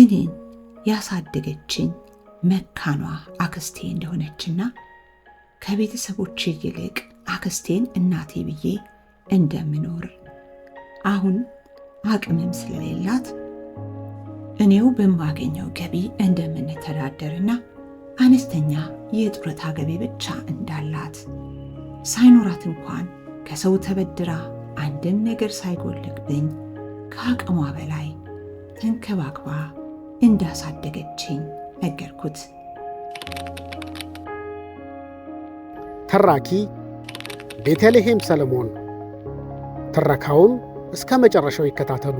እኔን ያሳደገችኝ መካኗ አክስቴ እንደሆነችና ከቤተሰቦች ይልቅ አክስቴን እናቴ ብዬ እንደምኖር አሁን አቅምም ስለሌላት እኔው በማገኘው ገቢ እንደምንተዳደርና አነስተኛ የጡረታ ገቢ ብቻ እንዳላት ሳይኖራት እንኳን ከሰው ተበድራ አንድም ነገር ሳይጎልግብኝ ከአቅሟ በላይ ተንከባክባ እንዳሳደገችኝ ነገርኩት። ተራኪ ቤተልሔም ሰለሞን። ትረካውን እስከ መጨረሻው ይከታተሉ።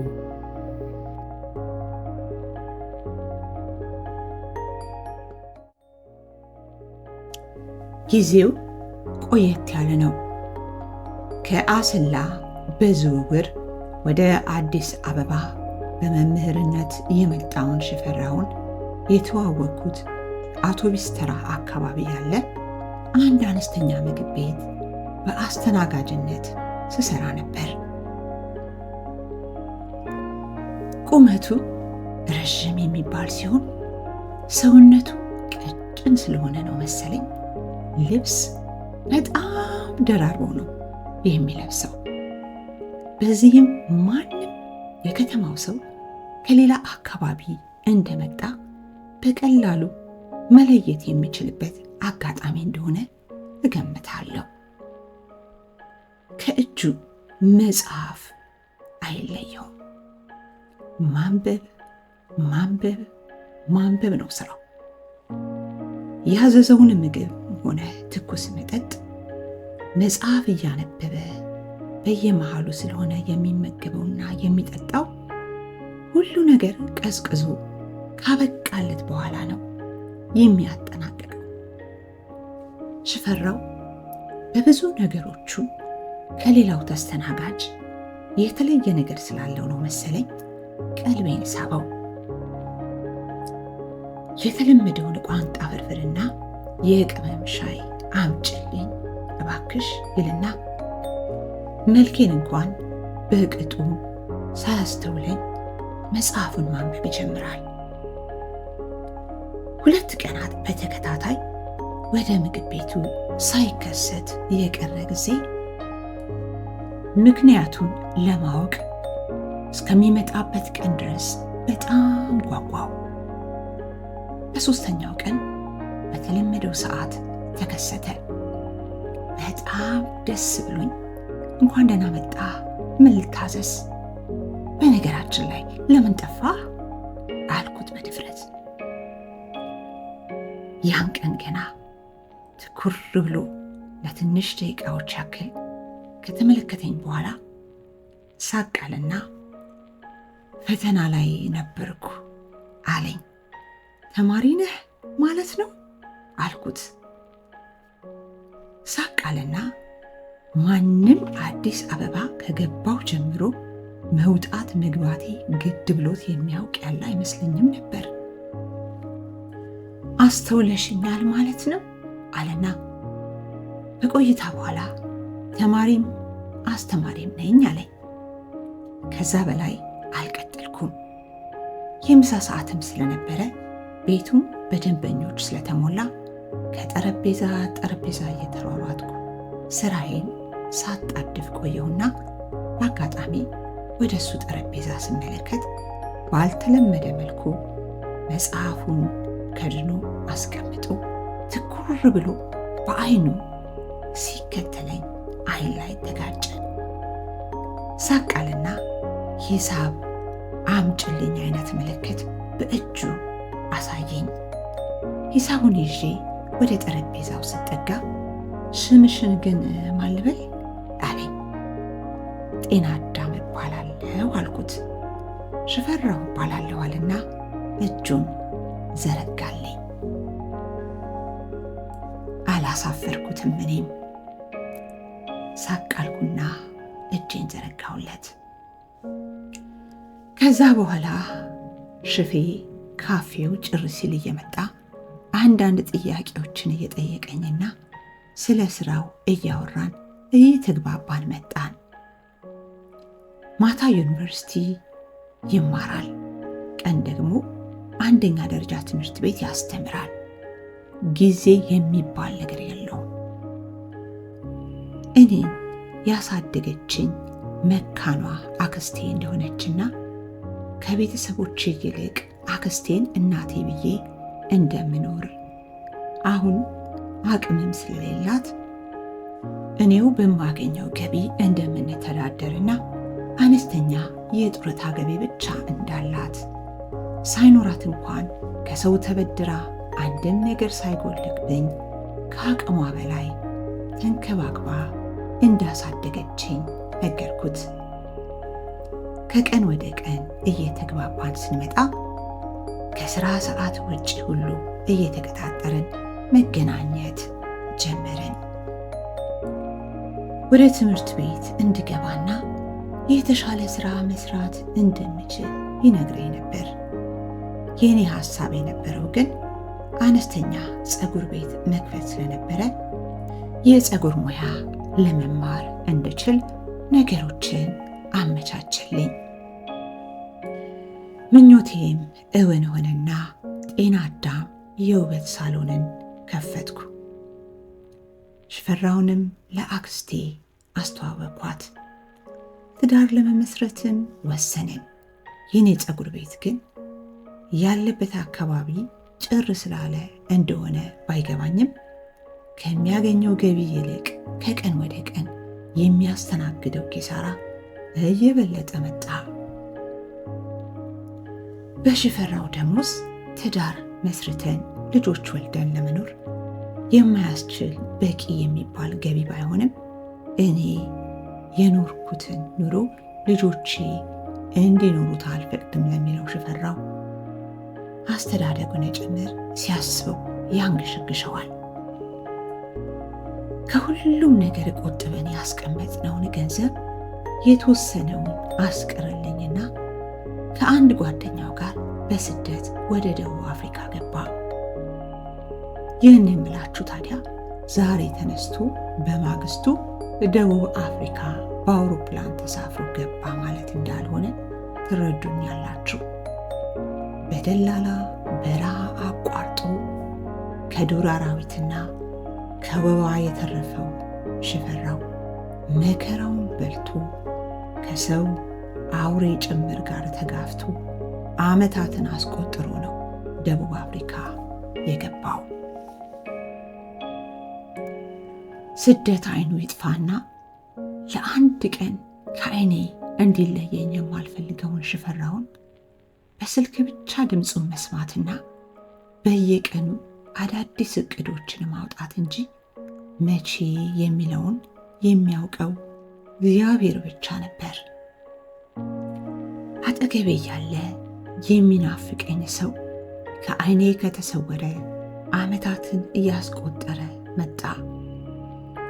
ጊዜው ቆየት ያለ ነው። ከአሰላ በዝውውር ወደ አዲስ አበባ በመምህርነት የመጣውን ሽፈራውን የተዋወቅኩት አውቶቢስ ተራ አካባቢ ያለ አንድ አነስተኛ ምግብ ቤት በአስተናጋጅነት ስሰራ ነበር። ቁመቱ ረዥም የሚባል ሲሆን ሰውነቱ ቀጭን ስለሆነ ነው መሰለኝ ልብስ በጣም ደራርቦ ነው የሚለብሰው። በዚህም ማንም የከተማው ሰው ከሌላ አካባቢ እንደመጣ በቀላሉ መለየት የሚችልበት አጋጣሚ እንደሆነ እገምታለሁ። ከእጁ መጽሐፍ አይለየውም። ማንበብ ማንበብ ማንበብ ነው ስራው። ያዘዘውን ምግብ ሆነ ትኩስ መጠጥ መጽሐፍ እያነበበ በየመሃሉ ስለሆነ የሚመገበውና የሚጠጣው ሁሉ ነገር ቀዝቅዞ ካበቃለት በኋላ ነው የሚያጠናቅቀው። ሽፈራው በብዙ ነገሮቹ ከሌላው ተስተናጋጅ የተለየ ነገር ስላለው ነው መሰለኝ ቀልቤን ሳበው። የተለመደውን ቋንጣ ፍርፍርና የቅመም ሻይ አምጭልኝ እባክሽ ይልና መልኬን እንኳን በቅጡ ሳያስተውለኝ መጽሐፉን ማንበብ ይጀምራል። ሁለት ቀናት በተከታታይ ወደ ምግብ ቤቱ ሳይከሰት የቀረ ጊዜ ምክንያቱን ለማወቅ እስከሚመጣበት ቀን ድረስ በጣም ጓጓው። በሦስተኛው ቀን በተለመደው ሰዓት ተከሰተ። በጣም ደስ ብሎኝ እንኳን ደህና መጣ ምን ልታዘዝ በነገራችን ላይ ለምን ጠፋ? አልኩት በድፍረት። ያን ቀን ገና ትኩር ብሎ ለትንሽ ደቂቃዎች ያክል ከተመለከተኝ በኋላ ሳቃልና ፈተና ላይ ነበርኩ አለኝ። ተማሪ ነህ ማለት ነው አልኩት። ሳቃልና ማንም አዲስ አበባ ከገባው ጀምሮ መውጣት መግባቴ ግድ ብሎት የሚያውቅ ያለ አይመስለኝም ነበር። አስተውለሽኛል ማለት ነው አለና ከቆይታ በኋላ ተማሪም አስተማሪም ነኝ አለኝ። ከዛ በላይ አልቀጠልኩም። የምሳ ሰዓትም ስለነበረ ቤቱም በደንበኞች ስለተሞላ ከጠረጴዛ ጠረጴዛ እየተሯሯጥኩ ስራዬን ሳጣድፍ ቆየሁና በአጋጣሚ ወደ እሱ ጠረጴዛ ስመለከት ባልተለመደ መልኩ መጽሐፉን ከድኖ አስቀምጦ ትኩር ብሎ በአይኑ ሲከተለኝ አይን ላይ ተጋጨ። ሳቃልና ሂሳብ አምጭልኝ አይነት ምልክት በእጁ አሳየኝ። ሂሳቡን ይዤ ወደ ጠረጴዛው ስጠጋ ስምሽን ግን ማልበል አለኝ። ጤና ሽፈራው ባላለዋልና እጁን ዘረጋልኝ። አላሳፈርኩትም። እኔም ሳቃልኩና እጄን ዘረጋሁለት። ከዛ በኋላ ሽፌ ካፌው ጭር ሲል እየመጣ አንዳንድ ጥያቄዎችን እየጠየቀኝና ስለ ስራው እያወራን ተግባባን መጣን። ማታ ዩኒቨርሲቲ ይማራል። ቀን ደግሞ አንደኛ ደረጃ ትምህርት ቤት ያስተምራል። ጊዜ የሚባል ነገር የለውም። እኔን ያሳደገችኝ መካኗ አክስቴ እንደሆነችና ከቤተሰቦች ይልቅ አክስቴን እናቴ ብዬ እንደምኖር አሁን አቅምም ስለሌላት እኔው በማገኘው ገቢ እንደምንተዳደርና አነስተኛ የጡረታ ገቢ ብቻ እንዳላት ሳይኖራት እንኳን ከሰው ተበድራ አንድም ነገር ሳይጎልብኝ ከአቅሟ በላይ ተንከባክባ እንዳሳደገችኝ ነገርኩት። ከቀን ወደ ቀን እየተግባባን ስንመጣ ከስራ ሰዓት ውጭ ሁሉ እየተቀጣጠርን መገናኘት ጀመርን። ወደ ትምህርት ቤት እንድገባና የተሻለ ስራ መስራት እንደምችል ይነግረኝ ነበር። የእኔ ሀሳብ የነበረው ግን አነስተኛ ፀጉር ቤት መክፈት ስለነበረ የፀጉር ሙያ ለመማር እንድችል ነገሮችን አመቻችልኝ። ምኞቴም እውን ሆነና ጤና አዳም የውበት ሳሎንን ከፈትኩ። ሽፈራውንም ለአክስቴ አስተዋወቅኳት። ትዳር ለመመስረትም ወሰንን። የኔ ፀጉር ቤት ግን ያለበት አካባቢ ጭር ስላለ እንደሆነ ባይገባኝም ከሚያገኘው ገቢ ይልቅ ከቀን ወደ ቀን የሚያስተናግደው ኪሳራ እየበለጠ መጣ። በሽፈራው ደሞዝ ትዳር መስርተን ልጆች ወልደን ለመኖር የማያስችል በቂ የሚባል ገቢ ባይሆንም እኔ የኖርኩትን ኑሮ ልጆቼ እንዲኖሩት አልፈቅድም ለሚለው ሽፈራው አስተዳደጉን ጭምር ሲያስበው ያንገሸግሸዋል። ከሁሉም ነገር ቆጥበን ያስቀመጥነውን ገንዘብ የተወሰነውን አስቀረልኝና ከአንድ ጓደኛው ጋር በስደት ወደ ደቡብ አፍሪካ ገባ። ይህን የምላችሁ ታዲያ ዛሬ ተነስቶ በማግስቱ ደቡብ አፍሪካ በአውሮፕላን ተሳፍሮ ገባ ማለት እንዳልሆነ ትረዱኛላችሁ። በደላላ በረሃ አቋርጦ ከዱር አራዊትና ከወባ የተረፈው ሽፈራው መከራውን በልቶ ከሰው አውሬ ጭምር ጋር ተጋፍቶ ዓመታትን አስቆጥሮ ነው ደቡብ አፍሪካ የገባው። ስደት አይኑ ይጥፋና ለአንድ ቀን ከአይኔ እንዲለየኝ የማልፈልገውን ሽፈራውን በስልክ ብቻ ድምፁን መስማትና በየቀኑ አዳዲስ እቅዶችን ማውጣት እንጂ መቼ የሚለውን የሚያውቀው እግዚአብሔር ብቻ ነበር። አጠገቤ ያለ የሚናፍቀኝ ሰው ከአይኔ ከተሰወረ ዓመታትን እያስቆጠረ መጣ።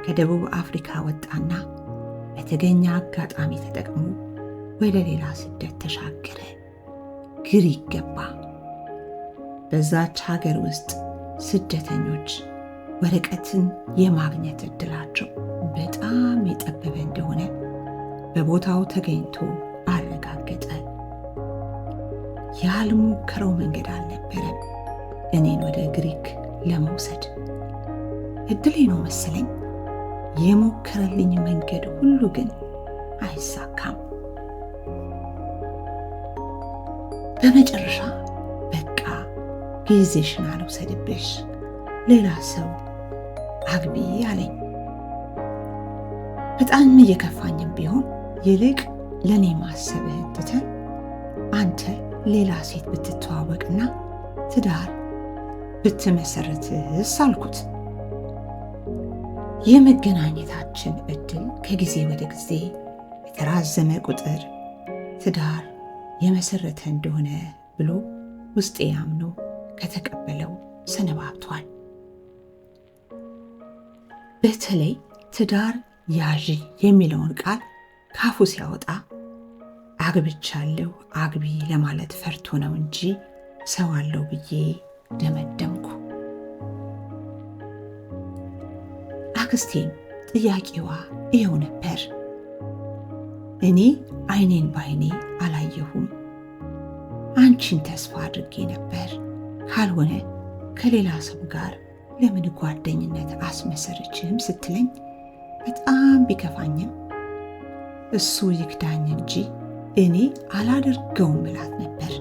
ከደቡብ አፍሪካ ወጣና በተገኘ አጋጣሚ ተጠቅሞ ወደ ሌላ ስደት ተሻገረ። ግሪክ ገባ። በዛች ሀገር ውስጥ ስደተኞች ወረቀትን የማግኘት እድላቸው በጣም የጠበበ እንደሆነ በቦታው ተገኝቶ አረጋገጠ። ያልሞከረው መንገድ አልነበረም እኔን ወደ ግሪክ ለመውሰድ። እድሌ ነው መሰለኝ የሞከረልኝ መንገድ ሁሉ ግን አይሳካም። በመጨረሻ በቃ ጊዜሽን አልውሰድብሽ፣ ሌላ ሰው አግቢ አለኝ። በጣም እየከፋኝም ቢሆን ይልቅ ለእኔ ማሰብህን ትተን አንተ ሌላ ሴት ብትተዋወቅና ትዳር ብትመሰርትስ አልኩት። የመገናኘታችን እድል ከጊዜ ወደ ጊዜ የተራዘመ ቁጥር ትዳር የመሰረተ እንደሆነ ብሎ ውስጤ አምኖ ከተቀበለው ሰነባብቷል። በተለይ ትዳር ያዥ የሚለውን ቃል ካፉ ሲያወጣ አግብቻለሁ አግቢ ለማለት ፈርቶ ነው እንጂ ሰው አለው ብዬ ደመደምኩ። አክስቴም ጥያቄዋ ይኸው ነበር። እኔ አይኔን ባይኔ አላየሁም፣ አንቺን ተስፋ አድርጌ ነበር። ካልሆነ ከሌላ ሰው ጋር ለምን ጓደኝነት አስመሰርችህም ስትለኝ በጣም ቢከፋኝም እሱ ይክዳኝ እንጂ እኔ አላደርገውም እላት ነበር።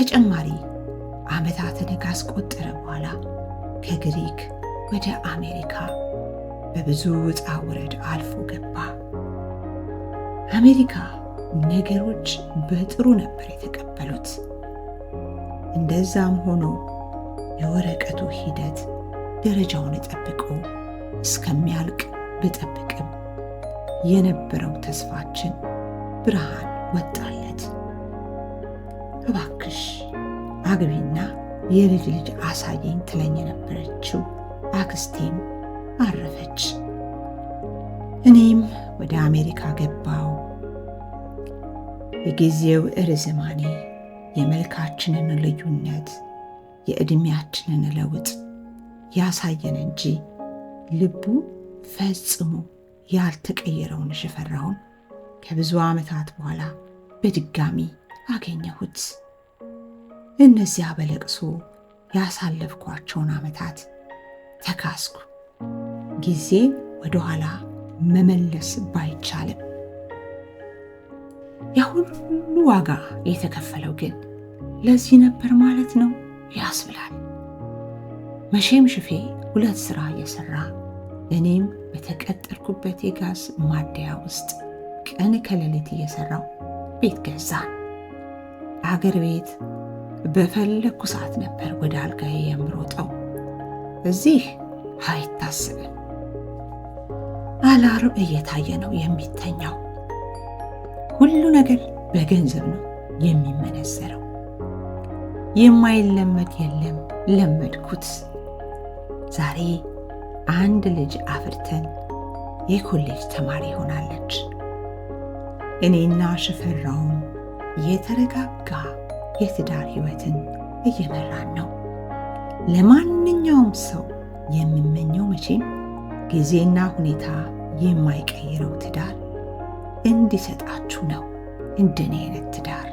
ተጨማሪ ዓመታትን ካስቆጠረ በኋላ ከግሪክ ወደ አሜሪካ በብዙ ውጣ ውረድ አልፎ ገባ። አሜሪካ ነገሮች በጥሩ ነበር የተቀበሉት። እንደዛም ሆኖ የወረቀቱ ሂደት ደረጃውን ጠብቆ እስከሚያልቅ ብጠብቅም የነበረው ተስፋችን ብርሃን ወጣለት። እባክሽ አግቢና የልጅ ልጅ አሳየኝ ትለኝ የነበረችው አክስቴም አረፈች። እኔም ወደ አሜሪካ ገባው። የጊዜው እርዝማኔ የመልካችንን ልዩነት የዕድሜያችንን ለውጥ ያሳየን እንጂ ልቡ ፈጽሞ ያልተቀየረውን ሽፈራውን ከብዙ ዓመታት በኋላ በድጋሚ አገኘሁት። እነዚያ በለቅሶ ያሳለፍኳቸውን ዓመታት ተካስኩ። ጊዜ ወደኋላ መመለስ ባይቻልም ያሁሉ ዋጋ የተከፈለው ግን ለዚህ ነበር ማለት ነው ያስብላል። መቼም ሽፌ ሁለት ሥራ እየሠራ እኔም በተቀጠርኩበት የጋዝ ማደያ ውስጥ ቀን ከሌሊት እየሠራው ቤት ገዛን። አገር ቤት በፈለግኩ ሰዓት ነበር ወደ አልጋዬ የምሮጠው። እዚህ አይታስብም። አላርም እየታየ ነው የሚተኛው። ሁሉ ነገር በገንዘብ ነው የሚመነዘረው። የማይለመድ የለም። ለመድኩት። ዛሬ አንድ ልጅ አፍርተን የኮሌጅ ተማሪ ሆናለች። እኔና ሽፈራውም የተረጋጋ የትዳር ህይወትን እየመራን ነው። ለማንኛውም ሰው የምመኘው መቼም ጊዜና ሁኔታ የማይቀይረው ትዳር እንዲሰጣችሁ ነው እንደኔ አይነት ትዳር